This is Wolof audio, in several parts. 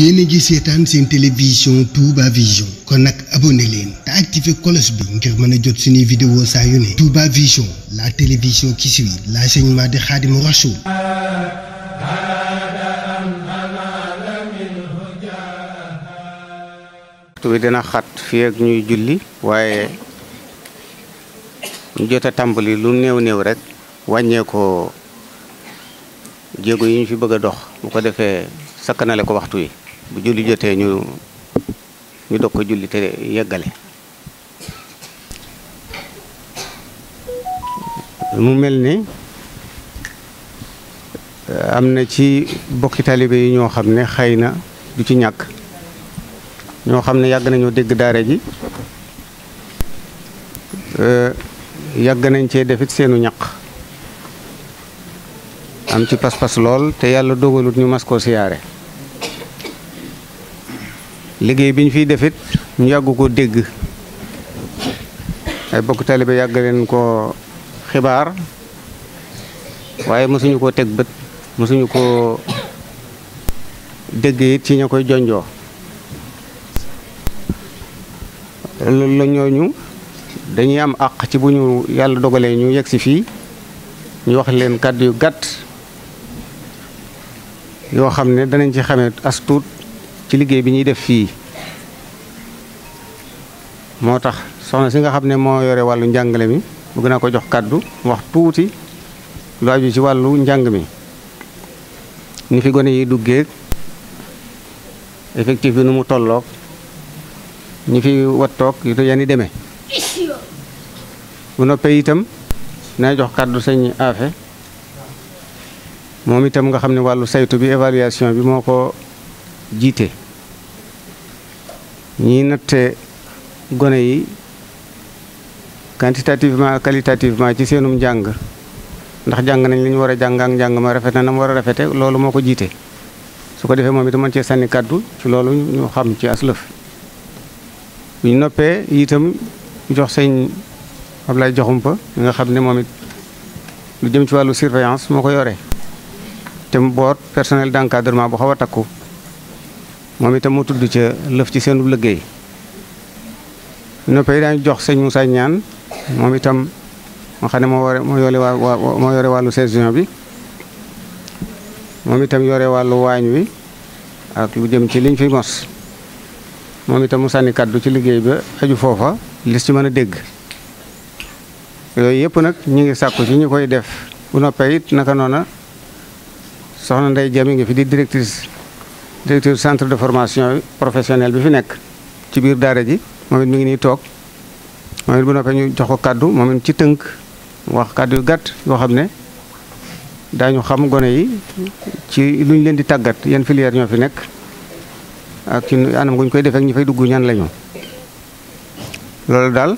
yéen a seetaan seen télévision Touba Vision kon nag abonné leen te activé cloche bi ngir mën a jot suñuy vidéo saa yu ne Touba Vision la télévision qui suit l'enseignement de Khadimou Rassoul waxtu bi dina xat fii ak ñuy julli waaye ñu jot a lu néew néew rek wàññee ko jéego yi ñu fi bëgg a dox bu ko defee sakkanale ko waxtu wi bu julli jotee ñu ñu dog ko julli te yeggale mu mel ni eh, am na ci bokki taalibe yi ñoo xam ne xëy na du ci ñàkk ñoo xam ne yàgg nañoo dégg daara ji eh, yàgg nañ cee defit seenu ñaq am ci pas-pas lool te yàlla dogalut ñu mas siyaare liggéey bi ñu fiy defit ñu yàgg ko dégg ay bokk taalibe yàgg leen ko xibaar waaye mosuñu koo teg bët mësuñu ko dégg it ci ña koy jonjoo loolu la ñooñu dañuy am àq ci bu ñu yàlla dogalee ñu yegg si fii ñu wax leen kàddu yu gàtt yoo xam ne danañ ci xamee as ci liggéey bi ñuy def fii moo tax soxna si nga xam ne moo yore wàllu njàngale mi bëgg naa ko jox kàddu wax tuuti lu aju ci wàllu njàng mi ni fi gone yi duggee effectif bi nu mu tollook ñu fi wattoog yu te yani demee bu noppee itam naa jox kàddu sañ Afe moom itam nga xam ne wàllu saytu bi évaluation bi moo ko jiite ñiy natte gone yi quantitativement qualitativement ci seenum njàng ndax jàng nañ li ñu war a jàng njàng ma rafet na na mu war a rafete loolu moo ko jiite su ko defee moom itam mën cee sànni kàddu ci loolu ñu xam ci aslëf bu ñu noppee itam jox sëñ joxum Joxumpa mi nga xam ne moom it lu jëm ci wàllu surveillance moo ko yore te mu boot personnel d'encadrement bu xaw a takku moom itam mu tudd ca lëf ci seenu liggéey noppee daañu jox sëñ Moussa Ñaan moom itam moo xam moo yore moo yore wàllu saison bi moom itam yore wàllu waañ wi ak lu jëm ci liñ fi mos moom itam mu sànni kàddu ci liggéey ba aju foofa lis ci mën a dégg yooyu yëpp nag ñu ngi sàkku ci ñu koy def bu noppee it naka noona soxna Ndey Jami ngi fi di directrice directeur centre de formation professionnelle bi fi nekk ci biir daara ji moom it mi ngi nii toog moom it bu noppee ñu jox ko kàddu moom it ci tënk wax kàddu yu gàtt yoo xam ne daañu xam gone yi ci lu leen di tàggat yan filière ñoo fi nekk ak ci anam koy defee ak ñi fay dugg ñan la ñu daal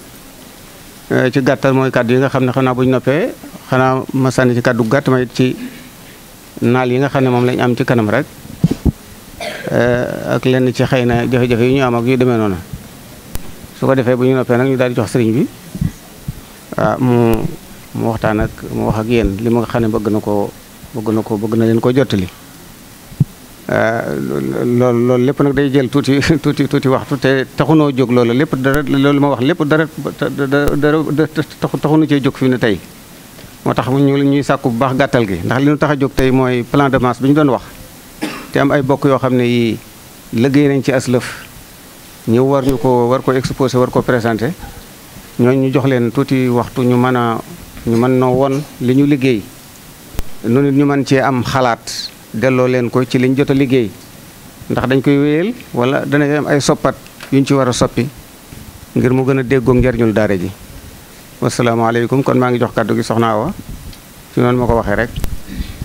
euh, ci gàttal mooy kàddu yi nga xam ne xanaa bu ñu noppee xanaa ma sànni ci kàddu gàtt ma it ci naal yi nga xam ne moom lañ am ci kanam rek. Eh, ak lenn ci xëy na jafe-jafe yu ñu am ak yu demee noonu su ko defee bu ñu noppee nag ñu daal di jox sëriñ bi waaw ah, mu waxtaan ak mu wax ak yéen li ma xam ne bëgg na koo bëgg na ko bëgg na leen ko jottali loolu eh, loolu lépp nag day jël tuuti tuuti tuuti waxtu te taxunoo jóg loolu lépp dara loolu ma wax lépp dara dara taxunu cee jóg fi ne tey moo tax ñu ñuy sàkku bu baax gàttal gi ndax li ñu tax a jóg tey mooy plan de masse bi ñu doon wax ci am ay bokk yoo xam ne yii liggéey nañ ci aslëf ñëw war ñu ko war ko exposé war ko présenté ñooñu ñu jox leen tuuti waxtu ñu mën a ñu mën noo won li ñu liggéey noonu ñu mën cee am xalaat delloo leen ko ci liñ jot a liggéey ndax dañ koy wéyal wala dana am ay soppat yuñ ci war a soppi ngir mu gën a déggoog njariñul daare ji wasalaamaaleykum kon maa ngi jox kàddu gi soxna Awa ci noonu ma ko waxee rek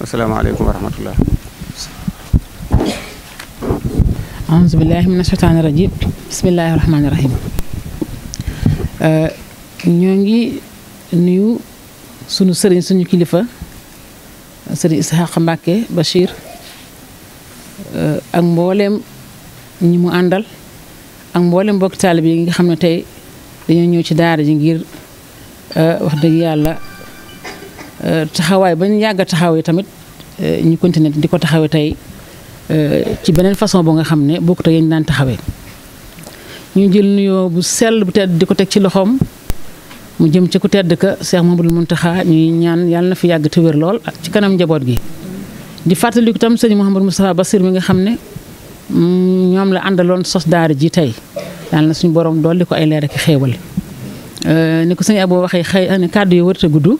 wasalaamaaleykum wa rahmatullah auzu billaahi mina shaytaani rajiim bismillaahi rahmaani rahiim ñoo ngi nuyu sunu sëriñ suñu kilifa sëriñ Isxaaq Mbàkke Bachir ak mbooleem ñi mu àndal ak mboolem mbokki taalib yi nga xam ne tey dañuy ñëw ci daara ji ngir wax dëgg yàlla taxawaay ba ñu yàgg a taxawee tamit ñu continuer di ko taxawee tey Euh, ci beneen façon boo nga xam ne bokkut ak yéen daan taxawee ñu jël nuyoo bu sell bu tedd di ko teg ci loxoom mu jëm ci ku tedd ka Cheikh Mamadou Mountakha ñuy ñaan yàlla na fi yàgg te wér lool ak ci kanam njaboot gi. di fàttaliku tam ko tam sëñ Mouhamadou Moustapha Bassir mi nga xam ne mm, ñoom la àndaloon sos daara ji tey yàlla na suñu borom dolli ko ay leer ak xéewal euh, ni ko sëñ Abou waxee xëy na kàddu yi warut a gudd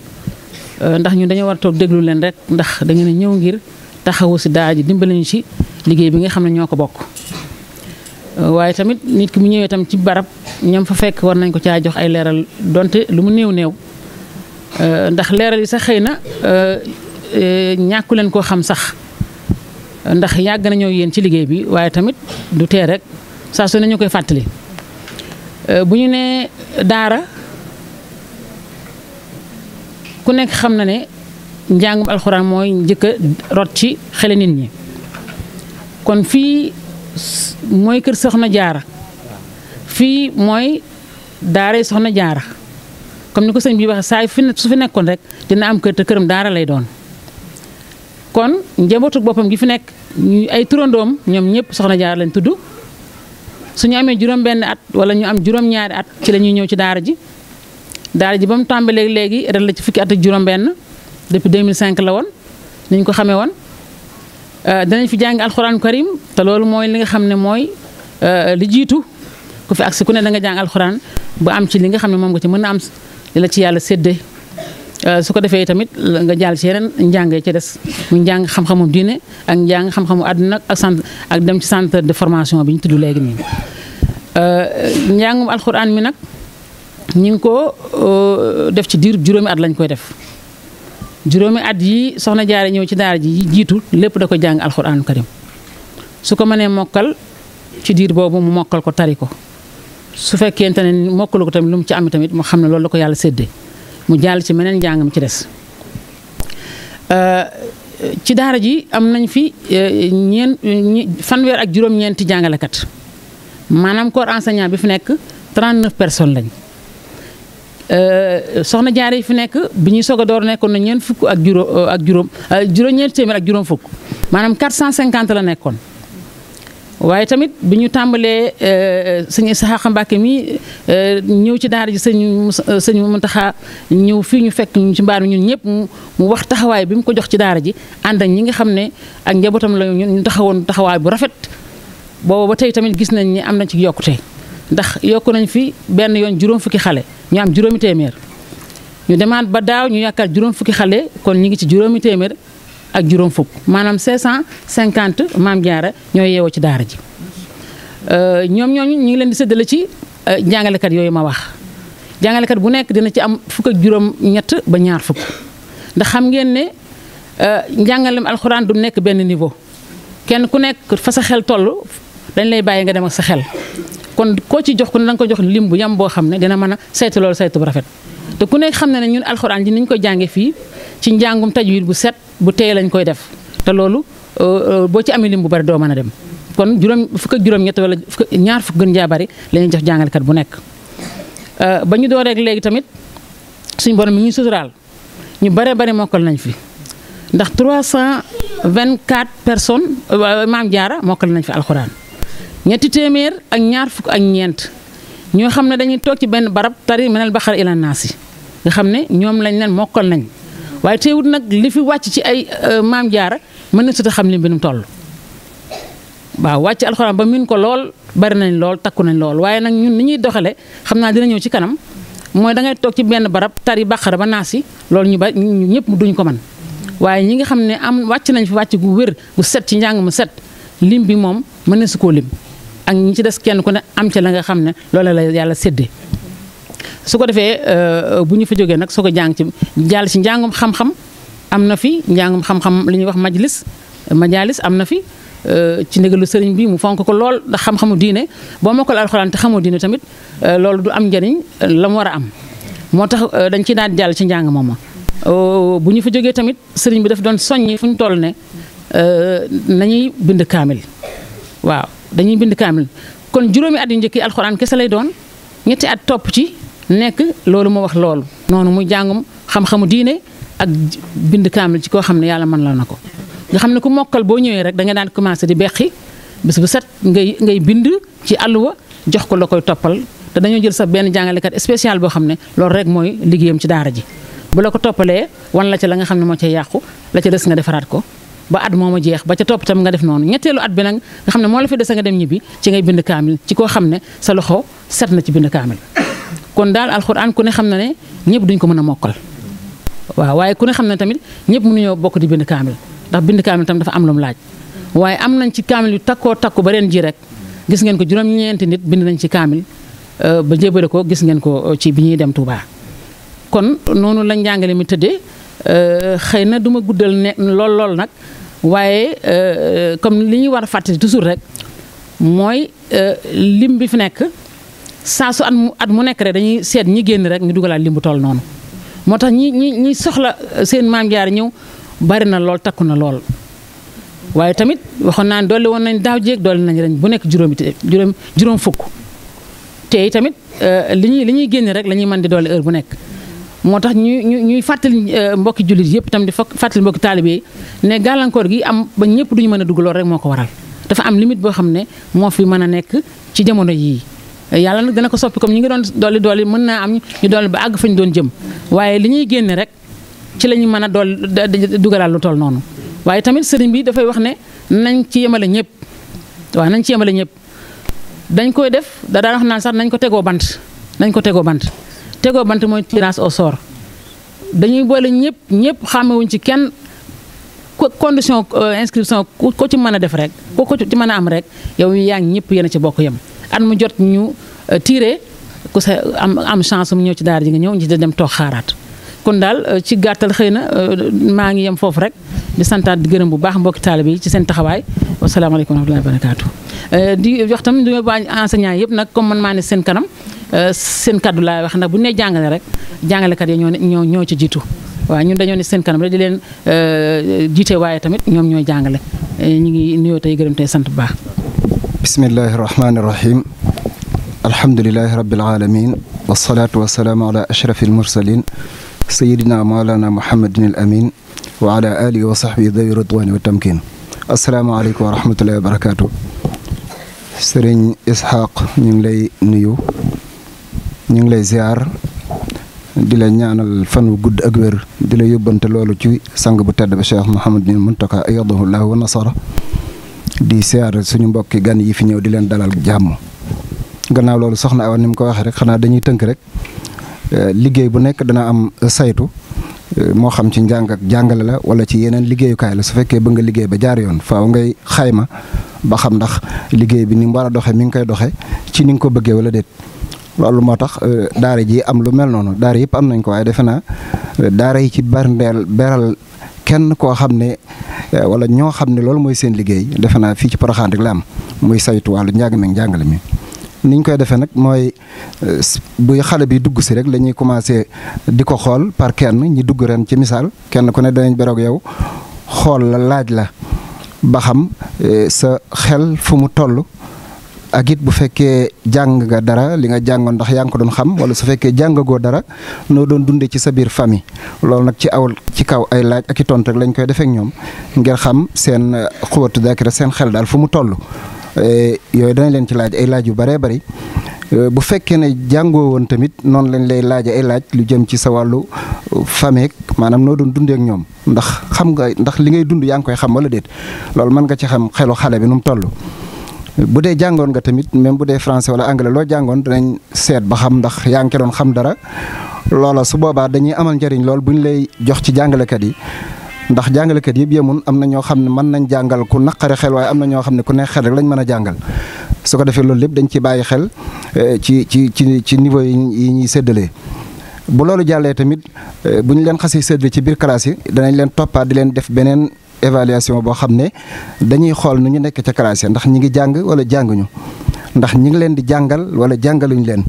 euh, ndax ñu dañoo war déglu leen rek ndax da ñëw ngir. taxawu si daa dimbali ñu ci liggéey bi nga xam ne ñoo ko bokk. Euh, waaye tamit nit ki mu ñëwee tam ci barab ñam fa fekk war nañ ko caa jox ay leeral donte lu mu néew néew euh, ndax leeral yi sax xëy na euh, ñàkku leen koo xam sax ndax yàgg nañoo yéen ci liggéey bi waaye tamit du tee rek saa su ne ñu koy fàttali bu ñu nee daara ku nekk xam na ne njàngum alxuraan mooy njëkk rot ci xele nit ñi kon fii mooy kër soxna jaara fii mooy daara soxna jaara kon ni ko sëñ bi waxee saa fi su fi nekkoon rek dina am kër te këram daara lay doon kon njabootu boppam gi fi nekk ay turandoom ñoom ñëpp soxna jaara lañ tudd su ñu amee juróom benn at wala ñu am juróom ñaari at ci lañuy ñëw ci daara ji daara ji ba mu tàmbalee léegi ren la ci fukki at ak juróom benn depuis cinq la woon ni ko xamee woon euh, danañ fi jàng alxuraan karim te loolu mooy li nga xam ne mooy euh, li jiitu ku fi agsi ku ne da nga jàng alxuraan ba am ci li nga xam ne moom nga ci mën a am la ci yàlla séddee euh, su ko defee tamit nga jàll ci yeneen njàng ci des mu njàng xam-xamu diine ak njàng xam-xamu àdduna ak centre ak dem ci centre de formation bi ñu tudd léegi nii. njàngum alxuraan mi nag ñu ngi ko def ci diir juróomi at lañ koy def. juróomi at yi soxna jaare ñëw ci daara ji jiitu lépp da ko jàng alxuraanul karim su ko mënee mokkal ci diir boobu mu mokkal ko tari ko su fekkente ne mokkalu ko tamit lu mu ci am tamit mu xam ne loolu la ko yàlla séddee mu jàll ci meneen njàngam ci des. Euh, ci daara ji am nañ fi euh, ñeen fanweer ak juróom-ñeenti jàngalekat maanaam corps enseignant bi fi nekk 39 personnes lañ. Euh, soxna jaare yi fi nekk bi ñuy soog a door nekkoon na ñeent fukk ak juróom euh, ak juróom euh, juróom-ñeent téeméer ak juróom fukk maanaam 450 la nekkoon waaye tamit bi ñu tàmbalee sëñ Saxa Mbàkke mi ñëw ci daara ji sëñ sëñ Muntaxa ñëw fii ñu fekk ñu ci mbaar mi ñun ñëpp mu wax taxawaay bi mu ko jox ci daara ji ànd ñi nga xam ne ak njabootam la ñu taxawoon taxawaay bu rafet booba ba tey tamit gis nañ ni am na ci yokkute. ndax yokk nañ fi benn yoon juróom fukki xale ñu am juróomi téeméer ñu demaat ba daaw ñu yàkkal juróom fukki xale kon ñu ngi ci juróomi téeméer ak juróom fukk maanaam cinquante maam jaara ñooy yeewoo ci daara ji euh, ñoom ñooñu ñu ngi leen di séddale ci euh, jàngalekat yooyu ma wax jàngalekat bu nekk dina ci am fukk ak juróom ñett ba ñaar fukk ndax xam ngeen ne euh, njàngalem alxuraan du nekk benn niveau kenn ku nekk fa sa xel toll dañ lay bàyyi nga dem sa xel kon koo ci jox ku ne da ko jox lim bu yam boo xam ne dina mën a saytu loolu saytu bu rafet te ku nekk xam na ne ñun alxuraan ji ni ñu koy jàngee fii ci njàngum tajwid bu set bu teye lañu koy def te loolu euh, euh, boo ci amee lim bu bari doo mën a dem kon juróom fukk ak juróom-ñett wala fukk ñaar fukk gën jaa bari la ñuy jox jàngalekat bu nekk euh, ba ñu door rek léegi tamit suñ borom mi ngi suturaal ñu bare bari mokkal nañ fi ndax 324 personnes maam jaara mokkal nañ fi alxuraan. ñetti téeméer ak ñaar fukk ak ñeent ñoo xam ne dañuy toog ci benn barab tari menel baxar ila naasi nga xam ne ñoom lañ leen mokkal nañ waaye teewut nag li fi wàcc ci ay euh, maam jaara mën na sut xam li mu toll. waaw wàcc ba min ko lool bari nañ lool takku nañ lool waaye nag ñun ni ñuy doxalee xam naa dina ci kanam mooy da ngay toog ci benn barab tari baxara ba naasi loolu ñu ba ñëpp duñ ko man waaye ñi nga xam ne am wàcc nañ fi wàcc wér gu set ci njàng lim bi moom mën na si koo lim. ak ñi ci des kenn ku ne am ca la nga xam ne loola la yàlla séddee su ko defee euh, bu ñu fa jógee nag soo ko jàng ci jàll ci njàngum xam-xam am na fi njàngum xam-xam li ñuy wax majlis majalis am na fi euh, ci ndigalu sëriñ bi mu fonk ko lool ndax xam-xamu diine boo mokkal alxuraan te xamoo diine tamit euh, loolu du am njëriñ la mu war a am moo tax dañ ciy daan jàll ci njàng moom bu ñu fa jógee tamit sëriñ bi daf doon soññi fu ñu toll ne nañuy bind kaamil waaw dañuy bind kaamil kon juróomi at yu njëkk yi alxuraan kese lay doon ñetti at topp ci nekk loolu mu wax loolu. noonu muy jàngum xam-xamu diine ak bind kaamil ci koo xam ne yàlla mën la na ko nga xam ne ku mokkal boo ñëwee rek da daan commencé di beqi bés bu set ngay ngay bind ci àll wa jox ko la koy toppal te dañoo jël sax benn jàngalekat spécial boo xam ne loolu rek mooy liggéeyam ci daara ji. bu la ko toppalee wan la ca la nga xam ne moo cay yàqu la ca des nga defaraat ko. ba at mooma jeex ba ca topp tam nga def noonu ñetteelu at bi nag nga xam ne moo la fi dese nga dem ñibbi ci ngay bind kaamil ci koo xam ne sa loxo set na ci bind kaamil kon daal alxuraan ku ne xam na ne ñëpp duñ ko mën a mokkal waaw waaye ku ne xam ne tamit ñëpp mënuñoo bokk di bind kaamil ndax bind kaamil tam dafa am lu mu laaj waaye am nañ ci kaamil yu takkoo takku ba ren ji rek gis ngeen ko juróom-ñeenti nit bind nañ ci kaamil euh, ba jébale ko gis ngeen ko euh, ci bi ñuy dem Touba kon noonu la njàngale mi tëddee euh, xëy na du ma guddal ne lool lool nag waaye euh, euh, comme li ñuy war a fàttali toujours rek mooy euh, lim bi fi nekk saa su at mu at nekk rek dañuy seet ñi génn rek ñu dugalaat lim bu toll noonu. moo tax ñi ñi ñi soxla seen maam jaar ñëw bari na lool takku na lool waaye tamit waxoon naa ne dolli woon nañ daaw jéeg dolli nañ ren bu nekk juróomi juróom juróom fukk te tamit li ñuy li ñuy génn rek la ñuy mën di dolli heure bu nekk. moo tax ñuy ñu ñuy fàttali euh, mbokki jullit yëpp tam di fàttali mbokki taalibe ne gàllankoor gi am ba ñëpp duñu mën a dugg rek moo ko waral dafa am limite boo xam ne moo fi mën a nekk ci jamono yii yàlla nag dana ko soppi comme ñi ngi doon dolli dolli mën naa am ñu dolli ba àgg fa ñu doon jëm waaye li ñuy génne rek ci la ñu mën a dolli dugalaal lu toll noonu waaye tamit sëriñ bi dafay wax ne nañ ci yemale ñëpp waaw nañ ci yemale ñëpp dañ koy def da daan wax naan sax nañ ko tegoo bant nañ ko tegoo bant tegoo bant mooy tirage au sort dañuy boole ñëpp ñëpp xàmmewuñ ci kenn condition euh, inscription ko ci mën a def rek ko ko ci mën a am rek yow yaa ngi ñëpp yéen ci bokk yem at mu jot ñu euh, tiré ku sa am am chance mu ñëw ci daara ji nga ñëw ñu dem toog xaaraat. kon daal euh, ci gàttal xëy na euh, maa ngi yam foofu rek di santaat di gërëm bu baax mbokki taalibe yi ci seen taxawaay wasalaamaaleykum wa rahmatullahi wa barakaatu euh, di wax tamit yëpp nag comme man maa ne seen kanam seen kaddu laay wax ndax bu ne jàngale rek jàngalekat yi ñoo ñoo ñoo ci jiitu waaw ñu dañoo ne seen kanam rek di leen jiite waaye tamit ñoom ñooy jàngale ñu ngi nuyoo tey gërëm tey sant bu baax bismillahi rahmaani rahim alhamdulilahi rabbil alamin wasalaatu wasalaamu ala ashrafil mursalin sayidina maolana muhammadin al amin wa ala wa sahbi dawi ridwani wa tamkin asalaamaaleykum wa rahmatullahi wa barakaatu sëriñ isxaq ñu ngi lay nuyu ñu ngi lay ziar di la ñaanal fan wu gudd ak wér di la yóbbante loolu ci sang bu tedd ba cheikh mohamad bin muntaka ayadahu llahu wa nasara di ziar suñu mbokki gan yi fi ñëw di leen dalal jàmm gannaaw loolu soxna awa ni mu ko waxee rek xanaa dañuy tënk rek Euh, liggéey bu nekk dana am euh, saytu euh, moo xam ci njàng jàngale la wala ci yeneen liggéeyukaay la su fekkee ba nga liggéey ba jaar yoon faaw ngay xayma ba xam ndax liggéey bi ni mu war a doxee mi ngi koy doxee ci ni nga ko bëggee wala déet. loolu moo tax daara ji am lu mel noonu daara yëpp am nañ ko waaye defe naa daara yi ci berndeel beral kenn koo xam ne wala ñoo xam ne loolu mooy seen liggéey defe naa fii ci Porokhane rek la am muy saytu wàllu njàng meeg njàngale mi. niñ koy defee nag mooy euh, buy xale bi dugg si rek la ñuy commencé di ko xool par kenn ñi dugg ren ci misaal kenn ku ne danañ beroog yow xool la laaj la ba xam euh, sa xel fu mu toll ak it bu fekkee jàng nga dara li nga jàngoon ndax yaa ngi ko doon xam wala su fekkee jàngagoo dara noo doon dundee ci sa biir famille loolu nag ci aw ci kaw ay laaj ak i tontu rek lañ koy defee ñoom ngir xam seen euh, xuwatu daakira seen xel daal fu mu toll. Eh, yooyu danañ leen ci laaj ay laaj yu bëree bëri eh, bu fekkee ne jàngoo woon tamit noonu lañ lay laaj ay laaj lu jëm ci sa wàllu uh, fameek maanaam noo doon dundeek ñoom ndax xam nga ndax li ngay dund yaa ngi koy xam wala déet loolu mën nga ci xam xelu xale bi nu mu toll. bu dee jàngoon nga tamit même bu dee français wala anglais loo jàngoon danañ seet ba xam ndax yaa ngi doon xam dara loola su boobaa dañuy amal njëriñ lool bu ñu lay jox ci jàngalekat yi. ndax jàngalekat yëpp yemun am na ñoo xam ne mën nañ jàngal ku naqare xel waaye am na ñoo xam ne ku neex xel rek lañ mën a jàngal su ko defee loolu lépp dañ ci bàyyi xel eh, ci ci ci ci niveau yi ñuy séddalee bu loolu jàllee tamit eh, bu ñu leen xasee séddale ci biir classe yi danañ leen toppaat di leen def beneen évaluation boo xam ne dañuy xool nu ñu nekk ca classe yi ndax ñi ngi jàng wala jànguñu ndax ñi ngi leen di jàngal wala jàngaluñu leen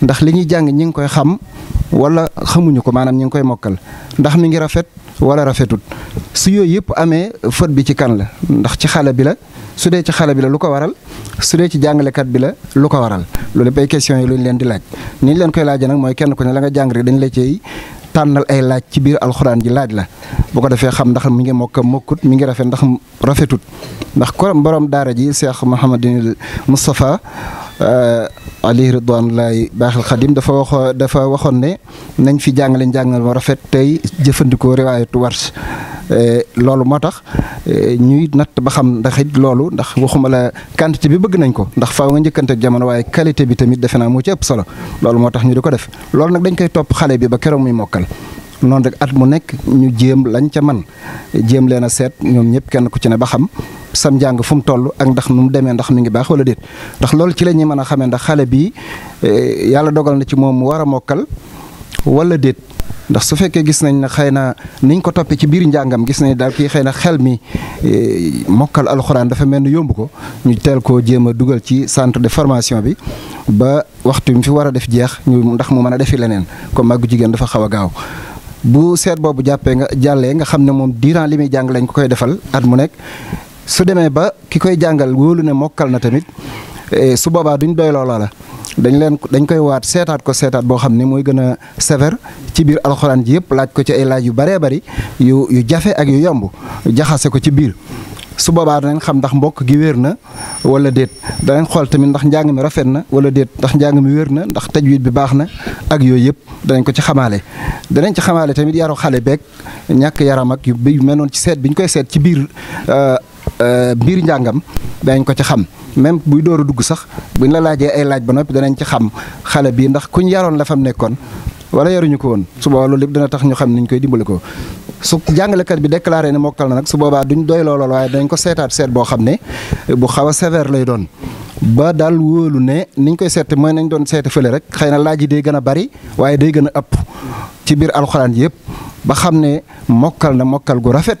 ndax li ñuy jàng ñi ngi koy xam wala xamuñu ko maanaam ñi ngi koy mokkal ndax mi ngi rafet wala rafetut su yooyu yëpp amee fët bi ci kan la ndax ci xale bi la su dee ci xale bi la lu ko waral su dee ci jàngalekat bi la lu ko waral loolu bay question yi lu ñu leen di laaj ni leen koy laajee nag mooy kenn ku ne la nga jàng rek dañ la cey tànnal ay laaj ci biir alxuraan ji laaj la boo ko defee xam ndax mi ngi mokk mokkut mi ngi rafet ndax rafetut ndax ko mboroom daara ji Cheikh Mouhamadou Moustapha Euh, ali ridwanullahi baaxil xadim dafa wax dafa waxoon ne nañ fi jàngale njàngal ma rafet tey jëfandikoo riwaayatu wars euh, loolu moo tax euh, ñuy natt ba xam ndax it loolu ndax waxuma la quantité bi bëgg nañ ko ndax faaw nga njëkkante jamono waaye qualité bi tamit defe naa mu ci ëpp solo loolu moo tax ñu di ko def loolu nag dañ koy topp xale bi ba keroog muy mokkal noonu rek at mu nekk ñu jéem lañ ca man jéem leen a seet ñoom ñëpp kenn ku ci ne ba xam sam njàng fu mu toll ak ndax nu mu demee ndax mi ngi baax wala déet ndax loolu ci la ñuy mën a xamee ndax xale bi eh, yàlla dogal na ci moom mu war a mokkal wala déet. ndax su fekkee gis nañ ne xëy na niñ ko toppee ci biir njàngam gis nañ daal kii xëy na xel mi eh, mokkal alxuraan dafa mel ni yomb ko ñu teel koo jéem a dugal ci centre de formation bi ba waxtu bi fi war a def jeex ñu ndax mu mën a defi leneen comme màggu jigéen dafa xaw a gaaw. bu seet boobu jàppee nga jàllee nga xam ne moom durant li muy jàng lañ ko koy defal at mu nekk su demee ba ki koy jàngal wóolu ne mokkal na tamit e, su boobaa duñ doyloo loola dañ leen dañ koy waat seetaat ko seetaat boo xam ni mooy gën a sévère ci biir alxuraan ji yëpp laaj ko ci ay yu baree bari yu yu jafe ak yu yomb jaxase ko ci biir. su boobaa danañ xam ndax mbokk gi wér na wala déet danañ xool tamit ndax njàng mi rafet na wala déet ndax njàng mi wér na ndax tajwid bi baax na ak yooyu yëpp danañ ko ci xamaale. danañ ci xamaale tamit yaru xale beeg ñàkk yaramak ak yu mel noonu ci seet bi ñu koy seet ci biir euh, Euh, biir njàngam dañ ko ci xam même buy door dugg sax buñ la laajee ay laaj ba noppi danañ ci xam xale bii ndax kuñ yaroon la fam nekkoon wala yaruñu ko woon su boobaa loolu lépp dana tax ñu xam niñ koy dimbali ko su jàngalekat bi déclaré ne mokkal na nag su boobaa duñ doy lool waaye dañ ko seetaat seet boo xam ne bu xaw a sévère lay doon. ba daal wóolu ne niñ koy seete mooy nañ doon seete fële rek xëy na laaj yi day gën a bari waaye day gën a ëpp ci biir alxuraan yëpp ba xam ne mokkal na mokkal gu rafet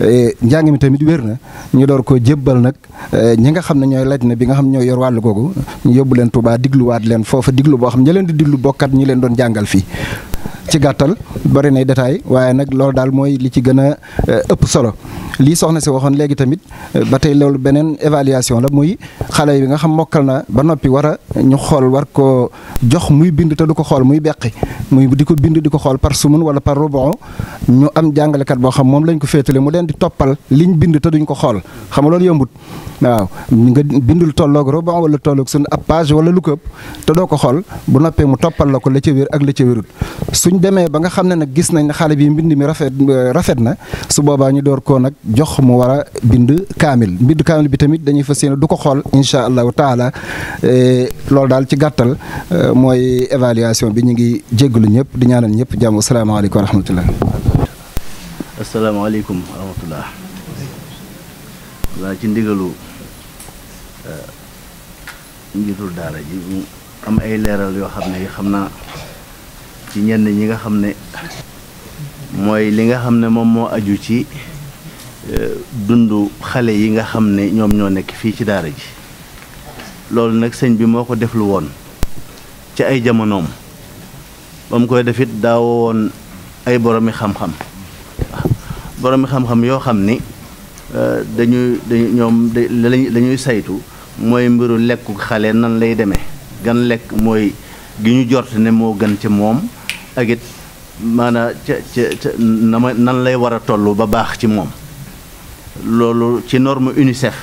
e, njàng mi tamit wér na ñu door ko jébbal nag e, ñu nga xam ne ñooy laaj na bi nga xam ñooy yor wàllu googu ñu yóbbu leen Tuubaa digluwaat leen foofa diglu boo xam ña leen di diglu bokkat ñu leen doon jàngal fii ci gàttal bari nay détail waaye nag loolu daal mooy li ci gën a e, ëpp solo lii soxna si waxoon léegi tamit euh, ba tey loolu beneen évaluation la muy xale bi nga xam mokkal na ba noppi war a ñu xool war ko jox muy bind te du ko xool muy beqi muy di ko bind di ko xool par sumun wala par rubon ñu am jàngalekat boo xam moom lañ ko féetale mu leen di toppal liñ bind te duñ ko xool xam nga loolu yombut waaw nga bindul tolloog rubon wala tolloog suñ ab page wala lu ko te doo ko xool bu noppee mu toppal la ko la ca wér ak la ca wérut suñ demee ba nga xam ne nag gis nañ ne xale bi mbind mi rafet euh, rafet na su boobaa ñu door koo nag jox mu war a bind kaamil bind kaamil bi tamit dañuy fas yéene du ko xool incha allahu taala e, loolu daal ci gàttal e, mooy évaluation bi ñu ngi jéggalu ñëpp di ñaanal ñëpp jàmm asalaamaaleykum wa rahmatullah asalaamaaleykum wa rahmatullah ci ndigalu e, njiitul daara ji mu am ay leeral yoo xam ne xam naa ci ñenn ñi nga xam ne mooy li nga xam ne moom moo aju ci Eh, dundu xale yi nga xam ne ñoom ñoo nekk fii ci daara ji loolu nag sëñ bi moo ko deflu woon ci ay jamonoom ba mu koy defit daawoo woon ay boromi xam-xam boromi xam-xam yoo xam ni eh, dañuy dañu ñoom dañuy saytu mooy mbiru lekku xale nan lay demee gan lekk mooy gi ñu jort ne moo gën ci moom ak it maanaam ca ca ca nan lay war a toll ba baax ci moom loolu ci norme UNICEF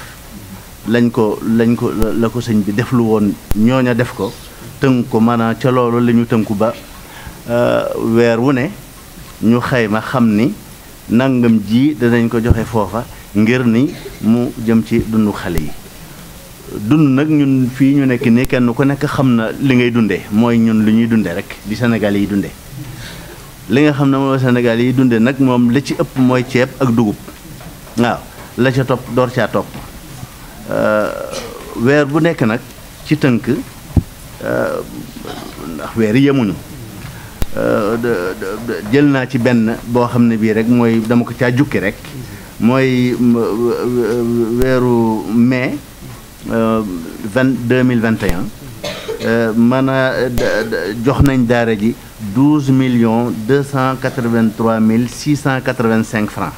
lañ ko lañ ko la ko sëñ bi deflu woon ñooña def ko tënk ko maanaam ca loolu lañu tënku ba euh, weer wu ne ñu xayma xam ni nangam ji danañ ko joxe foofa ngir ni mu jëm ci dundu xale yi dund nag ñun fii ñu nekk nii kenn ku nekk xam na li ngay dundee mooy ñun lu ñuy dundee rek di Sénégal yi dundee li nga xam ne moo Sénégal yi dundee nag moom la ci ëpp mooy ceeb ak dugub waaw la ca topp door caa topp euh, weer bu nekk nag ci tënk euh, ndax weer yi yemuñu euh, jël naa ci benn boo xam ne bii rek mooy dama ko caa jukki rek mooy weeru mai vingt deux mille vingt et jox nañ daara ji douze million deux cent quatre vingt mille six cent quatre cinq francs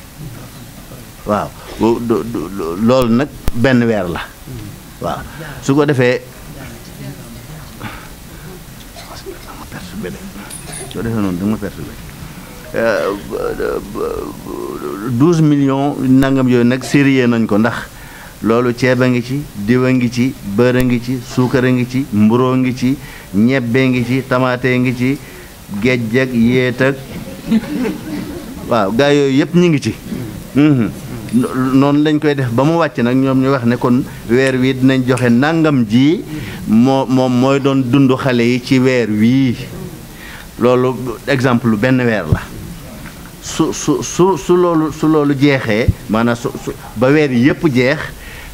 waaw loolu nag benn weer la waaw su ko defee su defee noonu danga ma perturbé euh, douze millions nangam yooyu nag sérieux nañ ko ndax loolu ceeb a ngi ci diw ngi ci bër ngi ci suukar a ngi ci mburoo ngi ci ñebbe ngi ci tamaate ngi ci géej ak yéet ak waaw gaa yooyu yëpp ñu ngi ci mhm. noonu lañ koy def ba mu wàcc nag ñoom ñu wax ne kon weer wi dinañ joxe nangam ji moo moom mooy doon dundu xale yi ci weer wii loolu exemple benn weer la su su su su loolu su loolu jeexee maanaam su ba weer yi yëpp jeex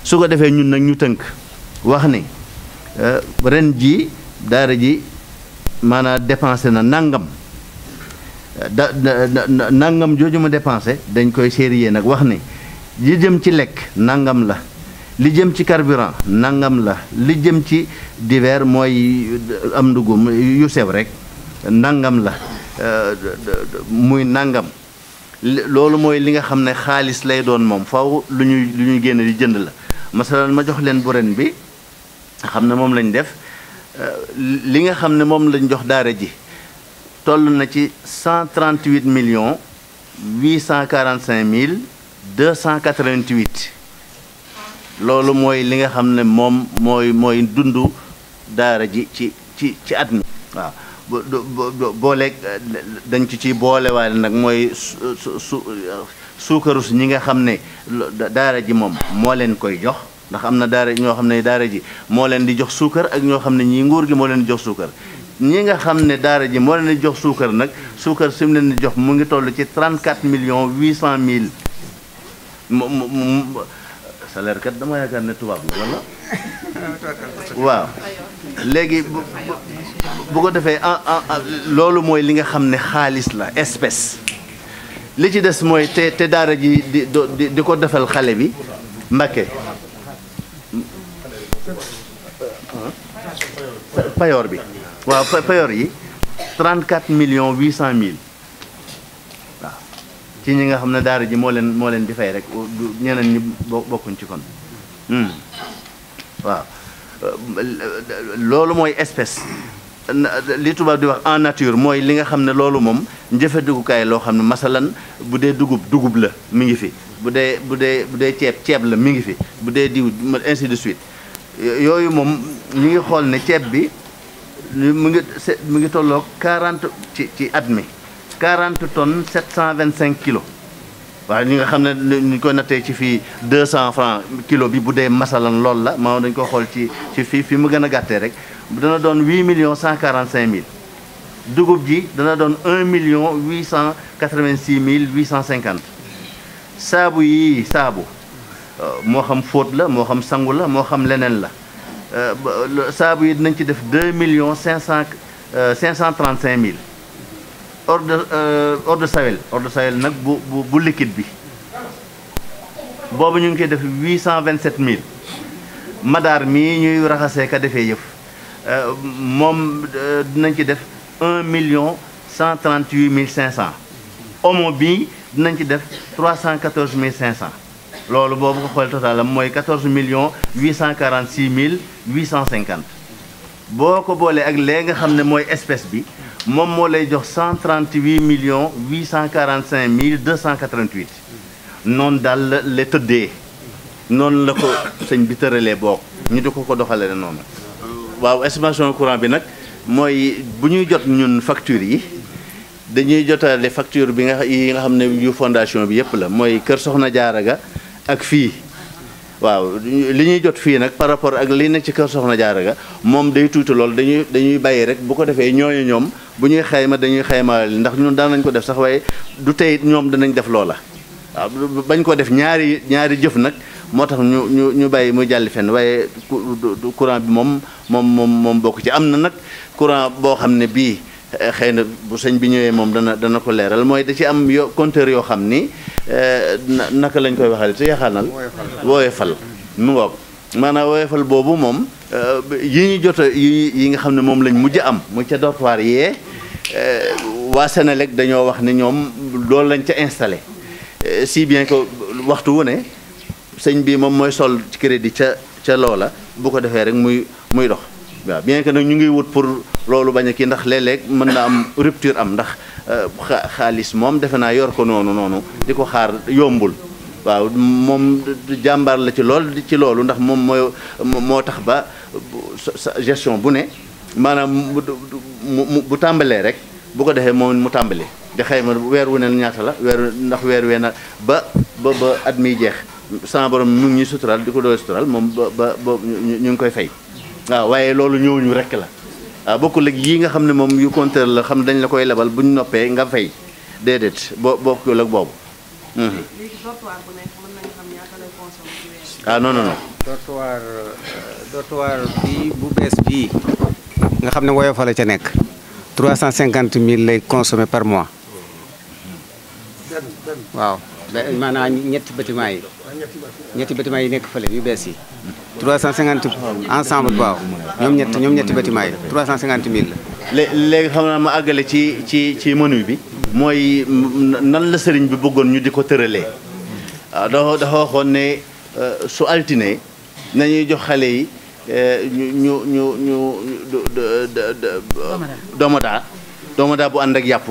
su ko defee ñun nag ñu tënk wax ni euh, ren ji daara ji maanaam dépensé na nangam euh, da nangam jooju ma dépensé dañ koy sérieux nag wax ni li jëm ci lekk nangam la li jëm ci carburant nangam la li jëm ci divers mooy euh, am ndugum yu sew rek nangam la euh, muy nangam loolu mooy li nga xam ne xaalis lay doon moom faw lu ñuy lu ñuy génn di jënd la masalan ma jox leen bu bi xam ne moom lañ def euh, li nga xam ne moom lañ jox daara ji toll na ci 138 millions 845 mille 288 loolu mooy li nga xam ne moom mooy mooy dund daara ji ci ci ci at mi waaw booleek eh, dañ ci ci boolewaale nag mooy su su suukarus ñi nga xam ne daara ji moom moo leen koy jox ndax am na daara ñoo xam ne daara ji moo leen di jox suukar ak ñoo xam ne ñii nguur gi moo leen di jox suukar ñi nga xam ne daara ji moo leen di jox suukar nag suukar si mu leen di jox mu ngi toll ci 34 millions 800 mille salaire kat dama yaakaar ne tubaab la waaw léegi bu ko defee ah, ah, ah, loolu mooy li nga xam ne xaalis la espèce li ci des mooy te daara ji di di ko defal xale bi Mbacké payoor bi waaw payoor yi million millions cent mille ci ñi nga xam ne daara ji moo leen moo leen di fay rek ñeneen ñi bokkuñ ci kon hmm. waaw loolu mooy espèce li tubaab di wax en nature mooy li nga xam ne loolu moom njëfandikukaay loo xam ne masalan bu dee dugub dugub la mi ngi fi bu dee bu dee dee ceeb ceeb la mi ngi fi bu dee diw ainsi de suite yooyu moom ñu ngi xool ne ceeb bi mu ngi mu ngi tolloog 40 ci ci at mi 40 tonnes 725 kilos waaw li nga xam ne ñu ko nattee ci fii cent francs kilo bi bu dee masalan lool la maanaam dañ ko xool ci ci fii fi mu gën a gàttee rek dana doon 8 millions 145 mille dugub ji dana doon 1 million 886 mille 850 saabu yi saabu euh, moo xam fóot la moo xam sangu la moo xam leneen la euh, saabu yi dinañ ci def 2 millions 500 535 euh, mille eau de euh, eau de sawel eau sawel nag bu bu bu liquide bi boobu ñu ngi koy def huit cent vingt sept mille madaar mii ñuy raxasee ka defee yëf euh, moom euh, dinañ ci def un million cent trente huit mille cinq cent omo bii dinañ ci def trois cent quatorze mille cinq cent loolu boobu ko xool total mooy quatorze millions huit cent quarante six mille huit cent cinquante boo ko boolee ak lee nga xam ne mooy espèce bi moom moo lay jox 138 millions 845 mille 288 noonu daal la la tëddee noonu la ko sëñ bi tëralee boog ñu di ko ko doxalee noonu waaw estimation courant bi nag mooy bu ñuy jot ñun facture yi dañuy jotale facture bi nga xam yi nga xam ne yu fondation bi yëpp la mooy Kër Soxna Jaara ga ak fii waaw li ñuy jot fii nag par rapport ak li ne ci kër Soxna Jaara ga moom day tuuti lool dañuy dañuy bàyyi rek bu ko defee ñooñu ñoom bu ñuy xayma dañuy xayma ndax ñun daan nañ ko def sax waaye du tey ñoom danañ def loola. waaw bañ ko def ñaari ñaari jëf nag moo tax ñu ñu ñu bàyyi muy jàlli fenn waaye courant bi moom moom moom moom bokk ci am na nag courant boo xam ne bii. Eh, xëy na bu sëñ bi ñëwee moom dana dana ko leeral mooy da ci am yo yoo xam ni eh, naka lañ koy waxale te yaxaanal woyofal mu ngoog maanaam woyofal boobu moom eh, yi ñu jot yi nga xam ne moom lañ mujj am mu ca dortoir yee waa Sénélec dañoo wax ni ñoom lool lañ ca installé si bien que waxtu wu ne sëñ bii moom mooy sol crédit ca ca loola bu ko defee rek muy muy dox waaw bien que nag ñu ngi wut pour loolu bañ a kii ndax léeg-léeg mën na am rupture am ndax euh, xaalis moom defe naa yor ko noonu noonu di ko xaar yombul waaw moom jàmbaar la ci lool ci loolu ndax moom mooy moo tax ba gestion bu ne maanaam mu bu tàmbalee rek bu ko defee moom mu tàmbali di xayma weer wu ne ñaata la weer ndax weer wee na ba ba ba at miy jeex sama borom mu ngi ñuy sutural di ko doy sutural moom ba ba ñu ngi koy fay waaw waaye loolu ñëwuñu rek la waaw ah, bokkul ak yii nga xam ne moom yu compteur la xam dañ la koy lebal buñ noppee nga fay déedéet boobu. Hmm. léegi dortoir bu nekk mën nañu xam ñaata lay consommé ci ah, euh, bu bees bii. nga xam ne woyofa la ca nekk. trois cinquante 000 lay consommé par mois. waaw maanaam ñetti bâtiment yi. ñetti bâtiment yi nekk fële yu bees yi 350 ensemble waaw ñoom ñett ñoom ñetti bâtiment yi 350 mille la léegi xam naa ma àggale ci ci ci menu bi mooy mm, nan la sëriñ bi bëggoon ñu di ko tëralee ah, dafa dafa waxoon ne euh, su altine nañuy jox xale yi euh, ñu ñu ñu ñu domoda domoda bu ànd ak yàpp